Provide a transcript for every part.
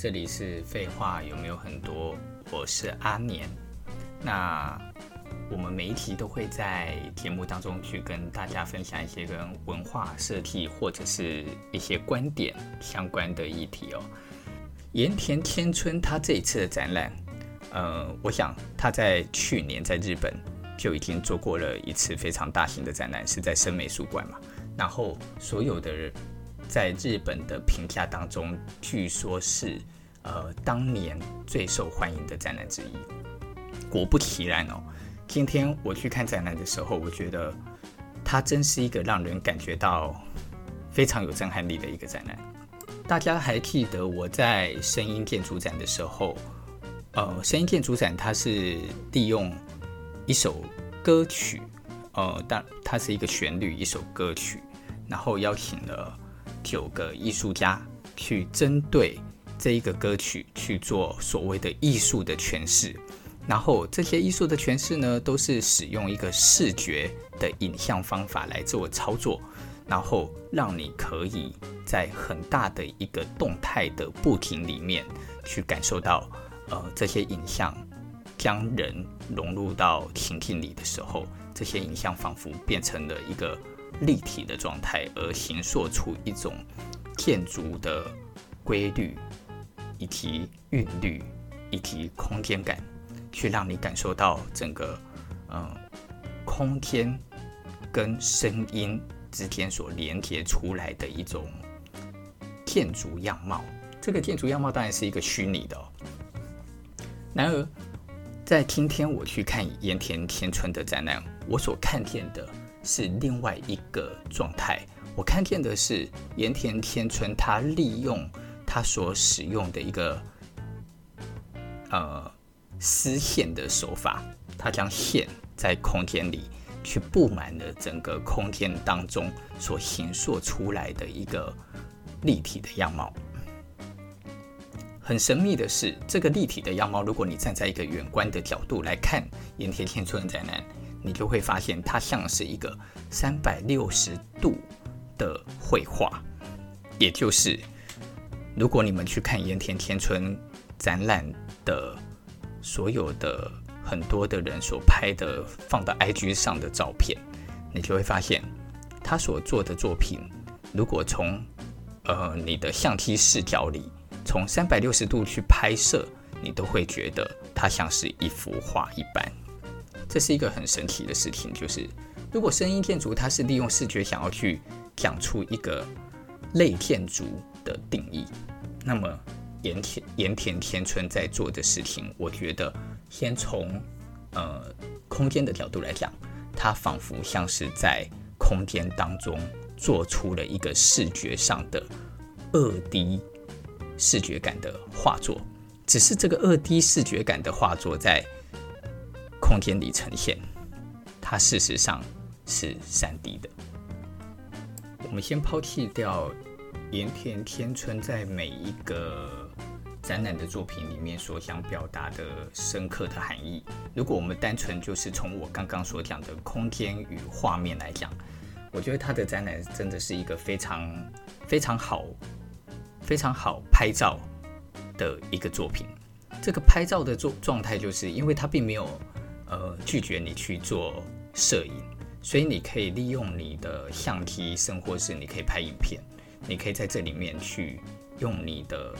這裡是廢話有沒有很多？我是阿年。那我們每一期都會在節目當中去跟大家分享一些跟文化、設計或者是一些觀點相關的議題哦。鹽田千春他這一次的展覽，呃，我想他在去年在日本就已經做過了一次非常大型的展覽，是在森美術館嘛。然後所有的人。在日本的評價當中，據說是呃當年最受歡迎的展覽之一。果不其然哦，今天我去看展覽的時候，我覺得它真是一個讓人感覺到非常有震撼力的一個展覽。大家還記得我在聲音建築展的時候，呃，聲音建築展它是利用一首歌曲，呃，當它是一個旋律，一首歌曲，然後邀請了。九個藝術家去針對這一個歌曲去做所謂的藝術的詮釋，然後這些藝術的詮釋呢，都是使用一個視覺的影像方法來做操作，然後讓你可以在很大的一個動態的布景裡面去感受到，呃，這些影像將人融入到情境裡的時候，這些影像仿佛變成了一個。立體的狀態，而形塑出一種建築的規律，以及韻律，以及空間感，去讓你感受到整個嗯空間跟聲音之間所連接出來的一種建築樣貌。這個建築樣貌當然是一個虛擬的哦。然而，在今天我去看鹽田千春的展覽，我所看見的。是另外一個狀態。我看見的是鹽田千春他利用他所使用的一個呃絲線的手法，他將線在空間裡去布滿了整個空間當中所形塑出來的一個立體的樣貌。很神秘的是，這個立體的樣貌，如果你站在一個遠觀的角度來看鹽田千春在展你就會發現，它像是一個三百六十度的繪畫。也就是，如果你們去看塩田千春展覽的所有的很多的人所拍的放到 IG 上的照片，你就會發現，他所做的作品，如果從呃你的相機視角裡從三百六十度去拍攝，你都會覺得它像是一幅畫一般。這是一個很神奇的事情，就是如果聲音建築它是利用視覺想要去講出一個類建築的定義，那麼鹽田鹽田千春在做的事情，我覺得先從呃空間的角度來講，它仿佛像是在空間當中做出了一個視覺上的 2D 視覺感的畫作，只是這個 2D 視覺感的畫作在。空間裡呈現，它事實上是三 D 的。我們先拋棄掉鹽田千春在每一個展覽的作品裡面所想表達的深刻的含義。如果我們單純就是從我剛剛所講的空間與畫面來講，我覺得他的展覽真的是一個非常非常好、非常好拍照的一個作品。這個拍照的狀狀態，就是因為它並沒有。呃，拒絕你去做攝影，所以你可以利用你的相機甚或是你可以拍影片，你可以在這裡面去用你的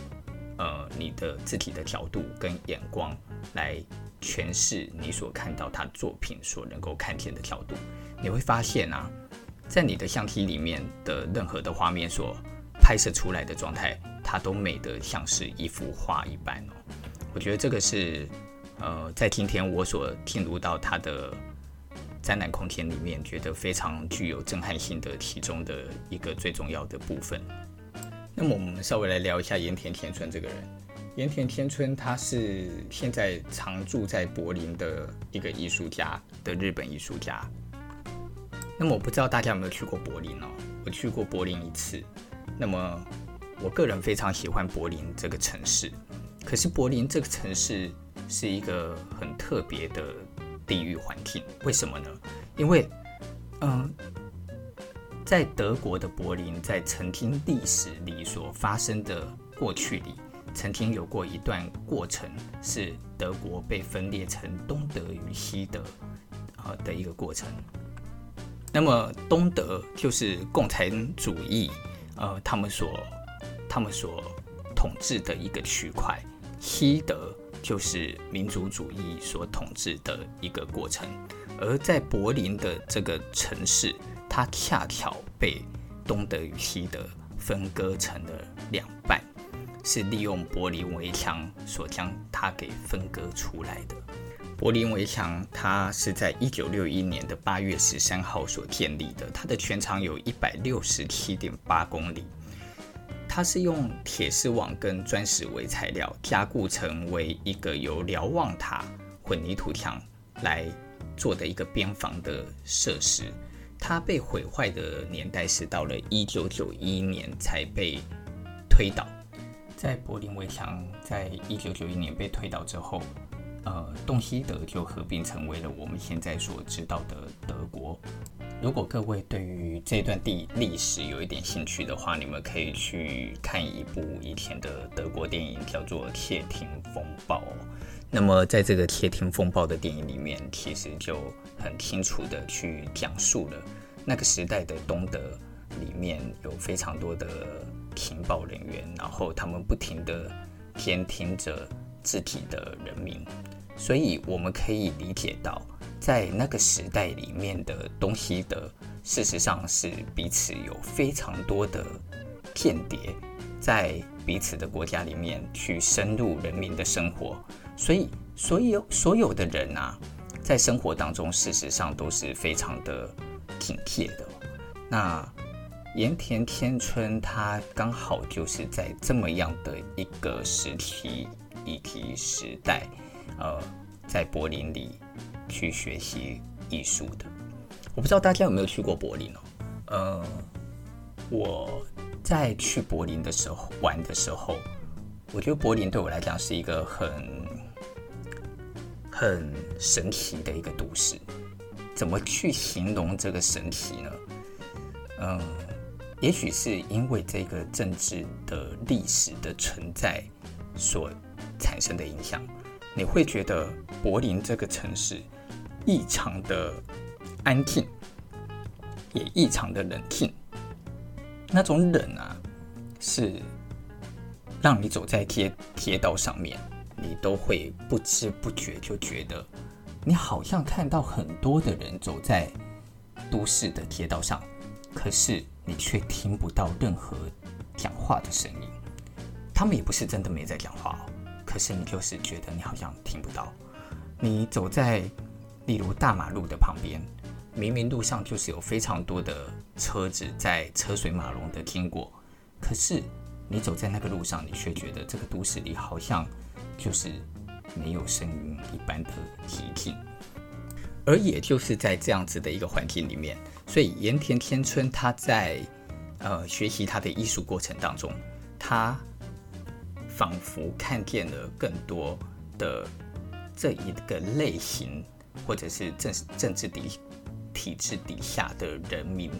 呃、你的自己的角度跟眼光來詮釋你所看到他作品所能夠看見的角度。你會發現啊，在你的相機裡面的任何的畫面所拍攝出來的狀態，它都美得像是一幅畫一般哦。我覺得這個是。呃，在今天我所進入到他的展覽空間裡面，覺得非常具有震撼性的其中的一個最重要的部分。那麼，我們稍微來聊一下塩田千春這個人。塩田千春他是現在常住在柏林的一個藝術家的日本藝術家。那麼，我不知道大家有沒有去過柏林哦？我去過柏林一次。那麼，我個人非常喜歡柏林這個城市。可是，柏林這個城市。是一個很特別的地域環境，為什麼呢？因為，嗯、呃，在德國的柏林，在曾經歷史裡所發生的過去裡，曾經有過一段過程，是德國被分裂成東德與西德，呃、的一個過程。那麼，東德就是共產主義，呃，他們所他們所統治的一個區塊，西德。就是民族主義所統治的一個過程，而在柏林的這個城市，它恰巧被東德與西德分割成了兩半，是利用柏林圍牆所將它給分割出來的。柏林圍牆它是在一九六一年的八月十三號所建立的，它的全長有一百六十七點八公里。它是用鐵絲網跟磚石為材料加固，成為一個由瞭望塔、混凝土牆來做的一個邊防的設施。它被毀壞的年代是到了一九九一年才被推倒。在柏林圍牆在一九九一年被推倒之後。呃，東西德就合併成為了我們現在所知道的德國。如果各位對於這段的歷史有一點興趣的話，你們可以去看一部以前的德國電影，叫做《竊聽風暴》。那麼，在這個《竊聽風暴》的電影裡面，其實就很清楚的去講述了那個時代的東德裡面有非常多的情報人員，然後他們不停的監聽着。自己的人民，所以我們可以理解到，在那個時代裡面的東西的，事實上是彼此有非常多的間諜，在彼此的國家裡面去深入人民的生活，所以，所有所有的人啊，在生活當中，事實上都是非常的警惕的。那塩田千春他剛好就是在這麼樣的一個時期。立體時代，呃，在柏林裡去學習藝術的，我不知道大家有沒有去過柏林哦。呃，我在去柏林的時候玩的時候，我覺得柏林對我來講是一個很很神奇的一個都市。怎麼去形容這個神奇呢？嗯、呃，也許是因為這個政治的歷史的存在所產生的影響，你會覺得柏林這個城市異常的安靜，也異常的冷清。那種冷啊，是讓你走在街街道上面，你都會不知不覺就覺得，你好像看到很多的人走在都市的街道上，可是你卻聽不到任何講話的聲音。他們也不是真的沒在講話哦。可是你就是覺得你好像聽不到，你走在，例如大馬路的旁邊，明明路上就是有非常多的車子在車水馬龍的經過，可是你走在那個路上，你卻覺得這個都市裡好像就是沒有聲音一般的寂靜。而也就是在這樣子的一個環境裡面，所以鹽田千春他在呃學習他的藝術過程當中，他。仿佛看見了更多的這一個類型，或者是政政治底體制底下的人民，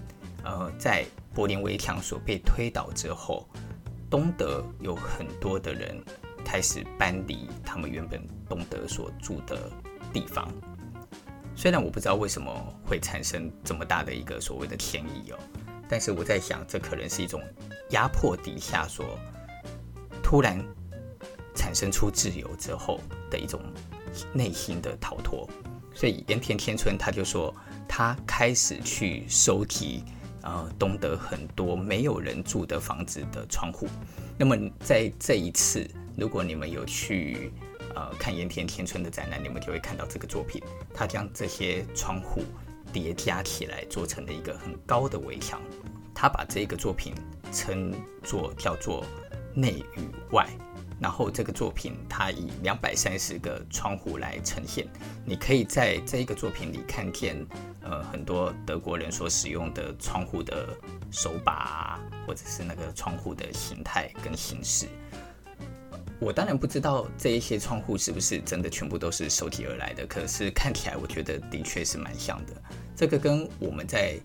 呃，在柏林圍牆所被推倒之後，東德有很多的人開始搬離他們原本東德所住的地方。雖然我不知道為什麼會產生這麼大的一個所謂的遷移哦，但是我在想，這可能是一種壓迫底下所。突然產生出自由之後的一種內心的逃脫，所以鹽田千春他就說，他開始去收集呃東德很多沒有人住的房子的窗戶。那麼在這一次，如果你們有去呃看鹽田千春的展覽，你們就會看到這個作品，他將這些窗戶疊加起來做成了一個很高的圍牆。他把這個作品稱作叫做。內與外，然後這個作品它以兩百三十個窗戶來呈現。你可以在這一個作品裡看見，呃，很多德國人所使用的窗戶的手把、啊，或者是那個窗戶的形態跟形式。我當然不知道這一些窗戶是不是真的全部都是收集而來的，可是看起來我覺得的確是蠻像的。這個跟我們在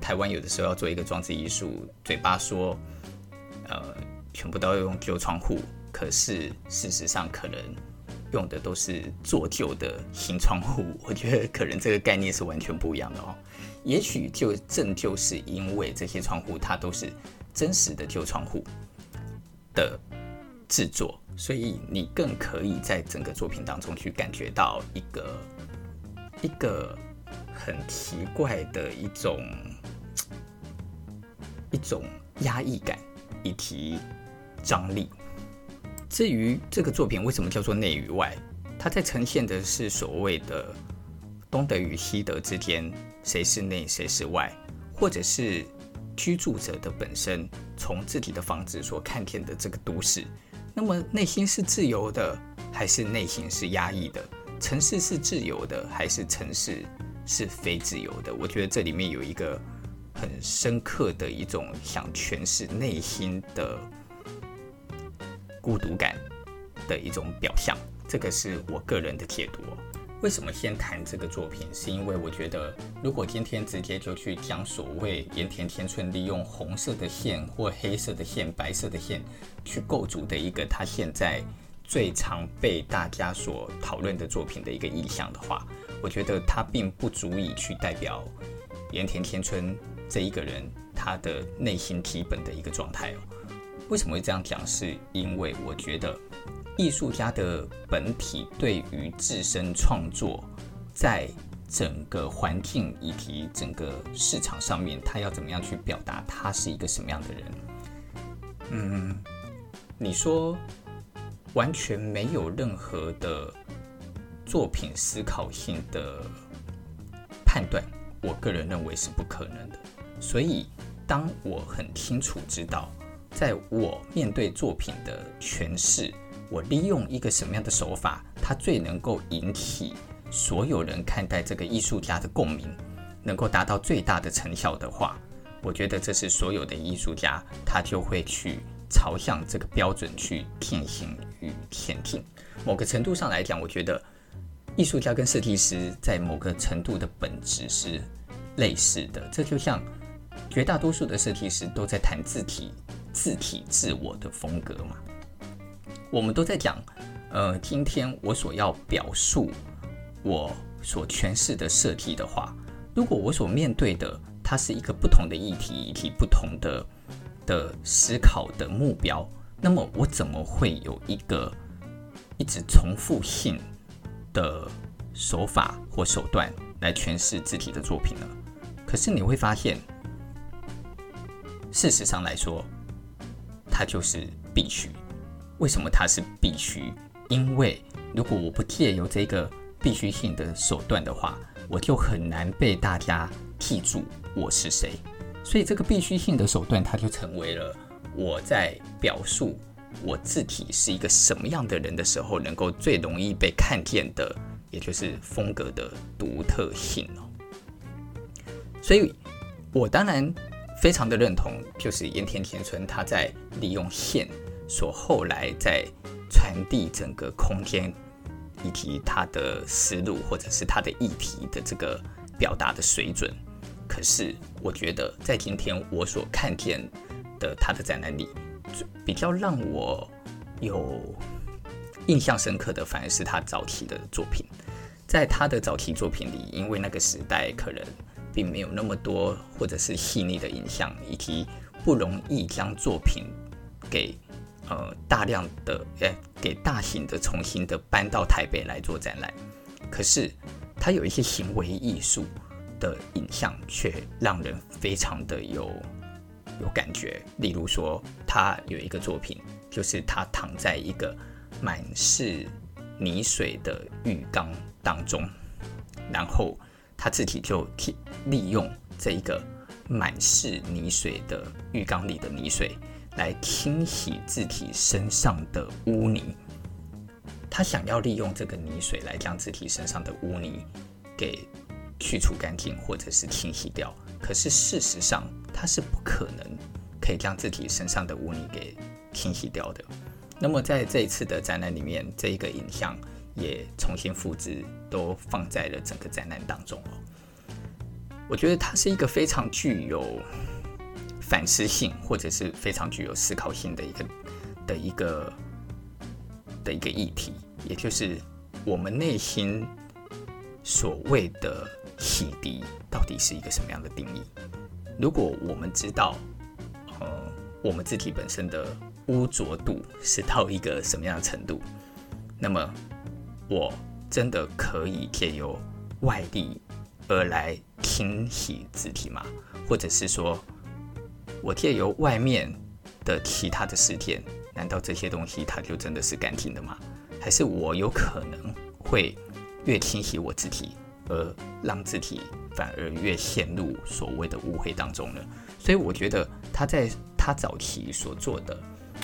台灣有的時候要做一個裝置藝術，嘴巴說，呃。全部都要用舊窗戶，可是事實上可能用的都是做舊的新窗戶。我覺得可能這個概念是完全不一樣的哦。也許就正就是因為這些窗戶它都是真實的舊窗戶的製作，所以你更可以在整個作品當中去感覺到一個一個很奇怪的一種一種壓抑感，以及。張力。至於這個作品為什麼叫做內與外？它在呈現的是所謂的東德與西德之間，誰是內，誰是外，或者是居住者的本身從自己的房子所看見的這個都市。那麼內心是自由的，還是內心是壓抑的？城市是自由的，還是城市是非自由的？我覺得這裡面有一個很深刻的一種想詮釋內心的孤獨感的一種表象，這個是我個人的解讀哦。為什麼先談這個作品？是因為我覺得，如果今天直接就去講所謂鹽田千春利用紅色的線或黑色的線、白色的線去構築的一個他現在最常被大家所討論的作品的一個意象的話，我覺得它並不足以去代表鹽田千春這一個人他的內心基本的一個狀態哦。為什麼會這樣講？是因為我覺得藝術家的本體對於自身創作，在整個環境以及整個市場上面，他要怎麼樣去表達，他是一個什麼樣的人？嗯，你說完全沒有任何的作品思考性的判斷，我個人認為是不可能的。所以，當我很清楚知道。在我面對作品的詮釋，我利用一個什麼樣的手法，它最能夠引起所有人看待這個藝術家的共鳴，能夠達到最大的成效的話，我覺得這是所有的藝術家他就會去朝向這個標準去進行與前進。某個程度上來講，我覺得藝術家跟設計師在某個程度的本質是類似的。這就像絕大多數的設計師都在談字體。字體自我的風格嘛，我們都在講。呃，今天我所要表述我所詮釋的設計的話，如果我所面對的它是一個不同的議題，以及不同的的思考的目標，那麼我怎麼會有一個一直重複性的手法或手段來詮釋自己的作品呢？可是你會發現，事實上來說。它就是必須。為什麼它是必須？因為如果我不借由這個必須性的手段的話，我就很難被大家記住我是誰。所以這個必須性的手段，它就成為了我在表述我自己是一個什麼樣的人的時候，能夠最容易被看見的，也就是風格的獨特性喔。所以，我當然。非常的認同，就是塩田千春，他在利用線所後來在傳遞整個空間以及他的思路，或者是他的議題的這個表達的水準，可是我覺得在今天我所看見的他的展覽裡，比較讓我有印象深刻的反而是他早期的作品。在他的早期作品裡，因為那個時代可能，並沒有那麼多，或者是細膩的影像，以及不容易將作品給呃大量的哎、欸、給大型的重新的搬到台北來做展覽。可是他有一些行為藝術的影像，卻讓人非常的有有感覺。例如說，他有一個作品，就是他躺在一個滿是泥水的浴缸當中，然後。他自己就替利用這一個滿是泥水的浴缸裡的泥水來清洗自己身上的污泥。他想要利用這個泥水來將自己身上的污泥給去除乾淨，或者是清洗掉，可是事實上他是不可能可以將自己身上的污泥給清洗掉的。那麼在這一次的展覽裡面，這一個影像。也重新複製，都放在了整個展覽當中哦。我覺得它是一個非常具有反思性，或者是非常具有思考性的一個的一個的一個議題，也就是我們內心所謂的洗滌到底是一個什麼樣的定義？如果我們知道，呃、嗯，我們自己本身的污濁度是到一個什麼樣的程度，那麼。我真的可以借由外力而來清洗自己嗎？或者是說，我借由外面的其他的事件，難道這些東西它就真的是乾淨的嗎？還是我有可能會越清洗我自己，而讓自己反而越陷入所謂的誤會當中呢？所以我覺得他在他早期所做的。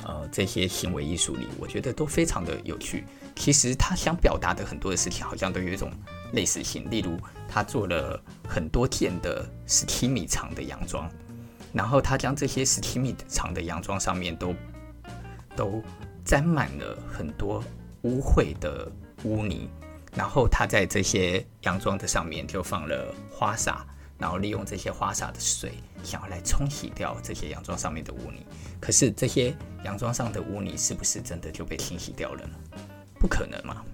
呃，這些行為藝術裡，我覺得都非常的有趣。其實他想表達的很多的事情，好像都有一種類似性。例如，他做了很多件的十七米長的洋裝，然後他將這些十七米長的洋裝上面都都沾滿了很多污穢的污泥，然後他在這些洋裝的上面就放了花灑。然後利用這些花灑的水，想要來沖洗掉這些洋裝上面的污泥。可是這些洋裝上的污泥是不是真的就被清洗掉了呢？不可能嘛？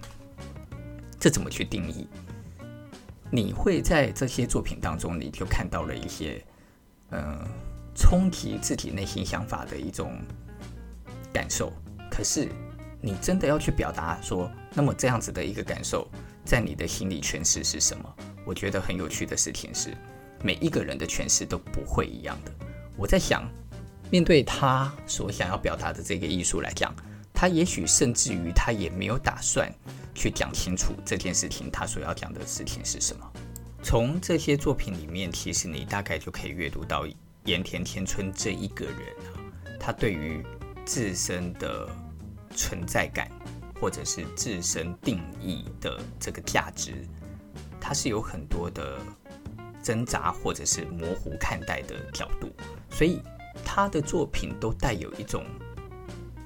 這怎麼去定義？你會在這些作品當中，你就看到了一些嗯、呃，衝擊自己內心想法的一種感受。可是你真的要去表達說，那麼這樣子的一個感受，在你的心理詮釋是什麼？我覺得很有趣的事情是。每一個人的詮釋都不會一樣的。我在想，面對他所想要表達的這個藝術來講，他也許甚至於他也沒有打算去講清楚這件事情，他所要講的事情是什麼？從這些作品裡面，其實你大概就可以閱讀到鹽田千春這一個人啊，他對於自身的存在感或者是自身定義的這個價值，他是有很多的，掙扎或者是模糊看待的角度，所以他的作品都帶有一種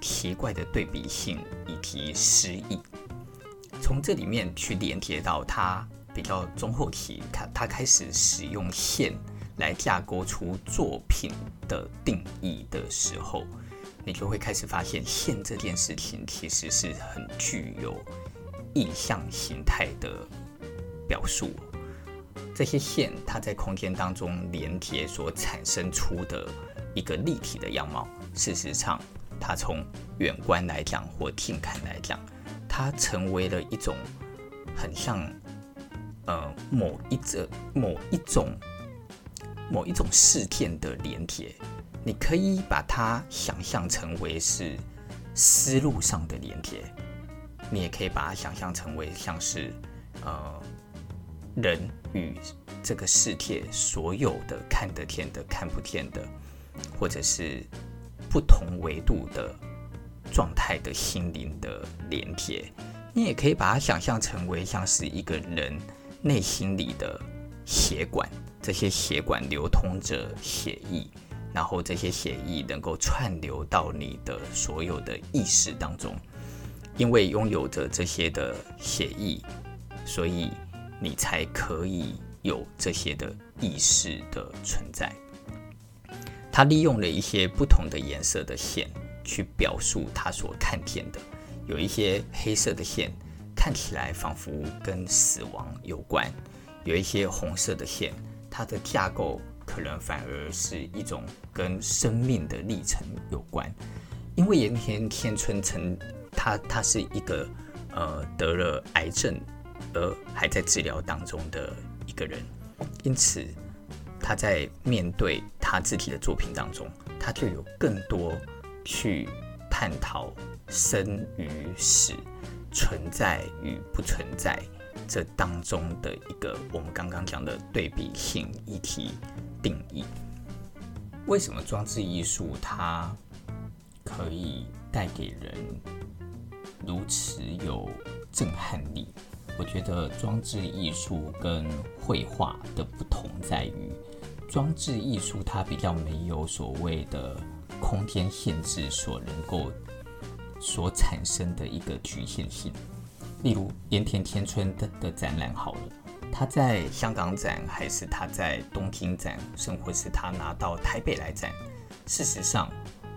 奇怪的對比性以及詩意。從這裡面去連接到他比較中後期他，他他開始使用線來架構出作品的定義的時候，你就會開始發現線這件事情其實是很具有意象形態的表述。這些線，它在空間當中連接所產生出的一個立體的樣貌，事實上，它從遠觀來講或近看來講，它成為了一種很像，呃，某一則、某一種、某一種事件的連接。你可以把它想象成為是思路上的連接，你也可以把它想象成為像是，呃。人與這個世界所有的看得見的、看不見的，或者是不同維度的狀態的心靈的連接，你也可以把它想象成為像是一個人內心裡的血管，這些血管流通着血液，然後這些血液能夠串流到你的所有的意識當中，因為擁有着這些的血液，所以。你才可以有這些的意識的存在。他利用了一些不同的顏色的線去表述他所看見的，有一些黑色的線看起來仿佛跟死亡有關，有一些紅色的線，它的架構可能反而是一種跟生命的歷程有關。因為塩田千春曾，他他是一個呃得了癌症。而還在治療當中的一個人，因此他在面對他自己的作品當中，他就有更多去探討生與死、存在與不存在這當中的一個我們剛剛講的對比性議題定義。為什麼裝置藝術它可以帶給人如此有震撼力？我覺得裝置藝術跟繪畫的不同在於，裝置藝術它比較沒有所謂的空間限制，所能夠所產生的一個局限性。例如鹽田千春的的展覽好了，他在香港展，還是他在東京展，甚至是他拿到台北來展，事實上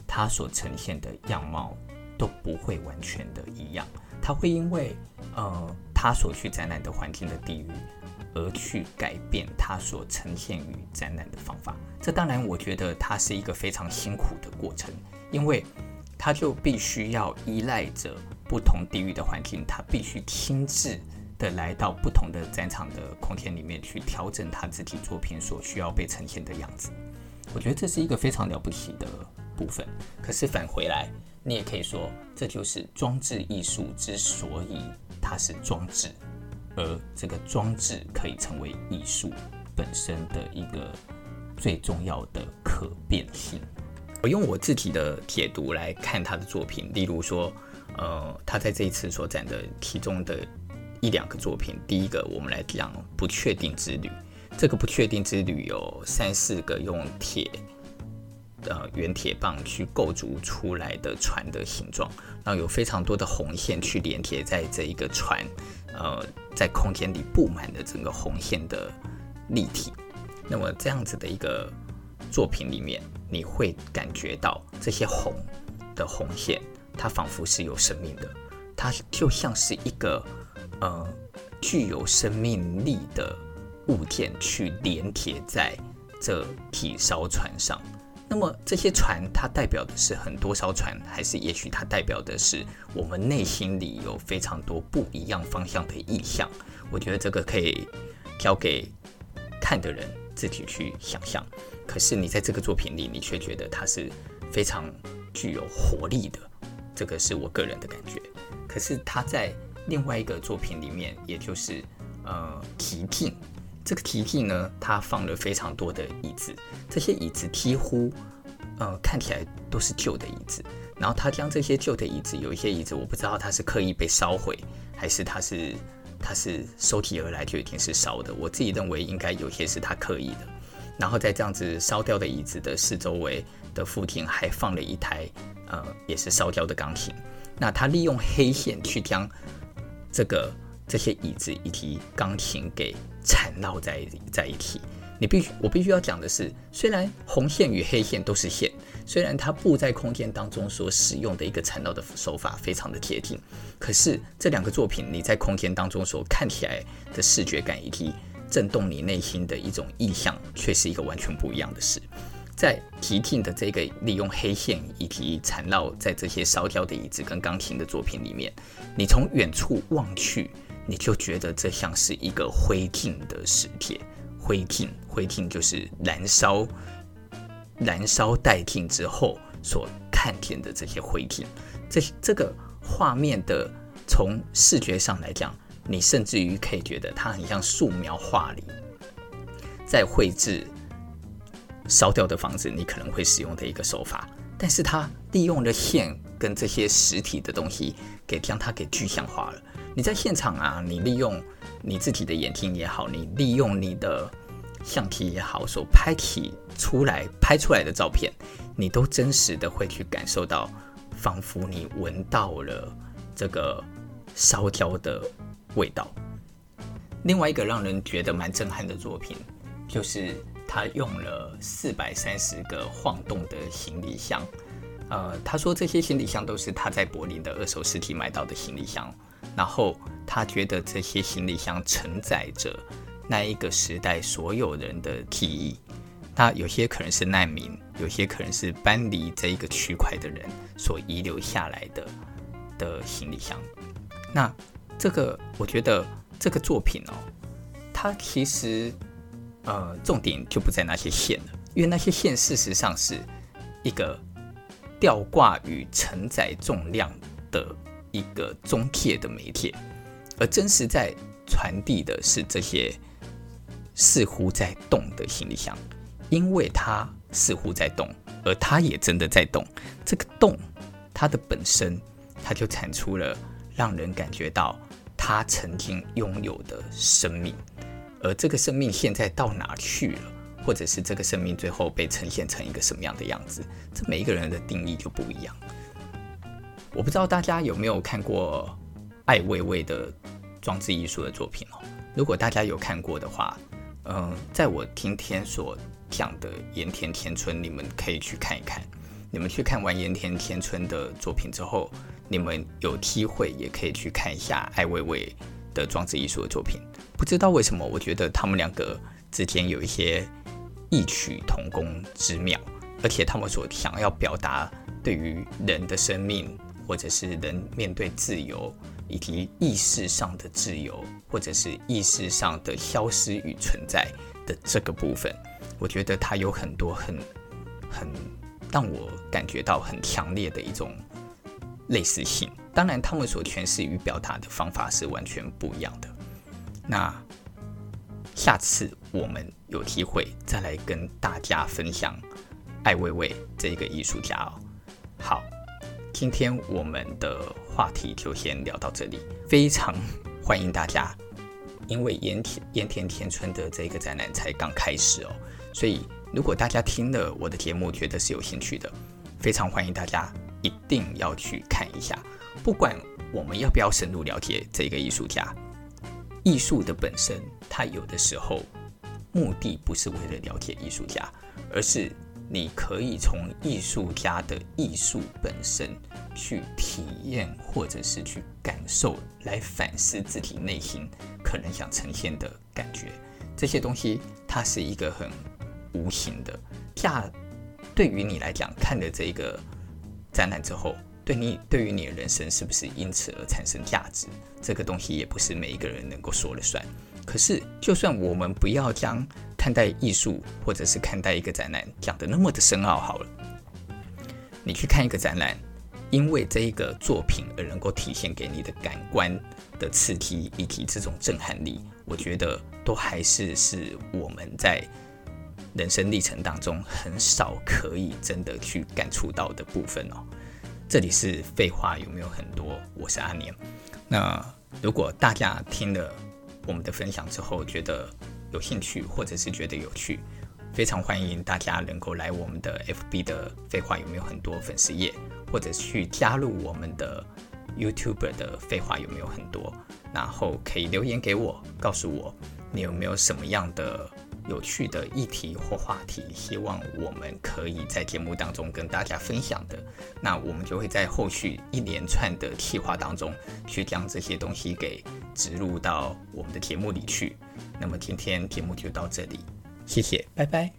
他所呈現的樣貌都不會完全的一樣，他會因為呃。他所去展覽的環境的地域，而去改變他所呈現於展覽的方法。這當然，我覺得它是一個非常辛苦的過程，因為他就必須要依賴着不同地域的環境，他必須親自的來到不同的展場的空間裡面去調整他自己作品所需要被呈現的樣子。我覺得這是一個非常了不起的部分。可是反回來，你也可以說，這就是裝置藝術之所以。它是裝置，而這個裝置可以成為藝術本身的一個最重要的可變性。我用我自己的解讀來看他的作品，例如說，呃，他在這一次所展的其中的一兩個作品，第一個我們來講《不確定之旅》。這個《不確定之旅》有三四個用鐵。呃，圓鐵棒去構築出來的船的形狀，然後有非常多的紅線去連接在這一個船，呃，在空間裡布滿了整個紅線的立體。那麼這樣子的一個作品裡面，你會感覺到這些紅的紅線，它仿佛是有生命的，它就像是一個呃具有生命力的物件去連接在這體燒船上。那麼這些船，它代表的是很多艘船，還是也許它代表的是我們內心裡有非常多不一樣方向的意象？我覺得這個可以交給看的人自己去想象。可是你在這個作品裡，你卻覺得它是非常具有活力的，這個是我個人的感覺。可是他在另外一個作品裡面，也就是呃《奇境》。這個提跡呢，它放了非常多的椅子，這些椅子幾乎呃看起來都是舊的椅子。然後他將這些舊的椅子，有一些椅子我不知道它是刻意被燒毀，還是它是它是收集而來，就一定是燒的。我自己認為應該有些是他刻意的。然後在這樣子燒掉的椅子的四周圍的附近還放了一台呃也是燒掉的鋼琴。那他利用黑線去將這個。這些椅子以及鋼琴給纏繞在在一起。你必須，我必須要講的是，雖然紅線與黑線都是線，雖然它布在空間當中所使用的一個纏繞的手法非常的貼近，可是這兩個作品你在空間當中所看起來的視覺感以及震動你內心的一種印象，卻是一個完全不一樣的事。在提汀的這個利用黑線以及纏繞在這些燒焦的椅子跟鋼琴的作品裡面，你從遠處望去，你就覺得這像是一個灰燼的世界，灰燼灰，灰燼就是燃燒、燃燒殆盡之後所看見的這些灰燼。這這個畫面的從視覺上來講，你甚至於可以覺得它很像素描畫裡在繪製燒掉的房子，你可能會使用的一個手法。但是它利用了線跟這些實體的東西給，給將它給具象化了。你在現場啊？你利用你自己的眼睛也好，你利用你的相機也好，所拍起出來拍出來的照片，你都真實的會去感受到，仿佛你聞到了這個燒焦的味道。另外一個讓人覺得蠻震撼的作品，就是他用了四百三十個晃動的行李箱。呃，他說這些行李箱都是他在柏林的二手市場買到的行李箱。然後他覺得這些行李箱承載着那一個時代所有人的記憶，那有些可能是難民，有些可能是搬離這一個區塊的人所遺留下來的的行李箱。那這個我覺得這個作品哦，它其實呃重點就不在那些線了，因為那些線事實上是一個吊掛與承載重量的。一個中介的媒體，而真實在傳遞的是這些似乎在動的行李箱，因為它似乎在動，而它也真的在動。這個動，它的本身，它就產出了讓人感覺到它曾經擁有的生命，而這個生命現在到哪去了，或者是這個生命最後被呈現成一個什麼樣的樣子，這每一個人的定義就不一樣。我不知道大家有沒有看過艾未未的裝置藝術的作品哦。如果大家有看過的話，嗯、呃，在我今天所講的鹽田千春，你們可以去看一看。你們去看完鹽田千春的作品之後，你們有機會也可以去看一下艾未未的裝置藝術的作品。不知道為什麼，我覺得他們兩個之間有一些異曲同工之妙，而且他們所想要表達對於人的生命。或者是人面對自由，以及意識上的自由，或者是意識上的消失與存在的這個部分，我覺得它有很多很、很讓我感覺到很強烈的一種類似性。當然，他們所詮釋與表達的方法是完全不一樣的。那下次我們有機會再來跟大家分享艾未未這個藝術家哦。好。今天我們的話題就先聊到這裡。非常歡迎大家，因為鹽田鹽田千春的這個展覽才剛開始哦，所以如果大家聽了我的節目覺得是有興趣的，非常歡迎大家一定要去看一下。不管我們要不要深入了解這個藝術家，藝術的本身，它有的時候目的不是為了了解藝術家，而是你可以從藝術家的藝術本身。去體驗或者是去感受，來反思自己內心可能想呈現的感覺，這些東西它是一個很無形的價。對於你來講，看了這個展覽之後，對你對於你的人生是不是因此而產生價值，這個東西也不是每一個人能夠說了算。可是，就算我們不要將看待藝術或者是看待一個展覽講的那麼的深奧，好了，你去看一個展覽。因為這一個作品而能夠體現給你的感官的刺激以及這種震撼力，我覺得都還是是我們在人生歷程當中很少可以真的去感觸到的部分哦。這裡是廢話有沒有很多？我是阿年。那如果大家聽了我們的分享之後覺得有興趣或者是覺得有趣，非常歡迎大家能夠來我們的 FB 的廢話有沒有很多粉絲頁。或者去加入我們的 YouTube 的廢話有沒有很多，然後可以留言給我，告訴我你有沒有什麼樣的有趣的議題或話題，希望我們可以在節目當中跟大家分享的。那我們就會在後續一連串的計劃當中，去將這些東西給植入到我們的節目裡去。那麼今天節目就到這裡，謝謝，拜拜。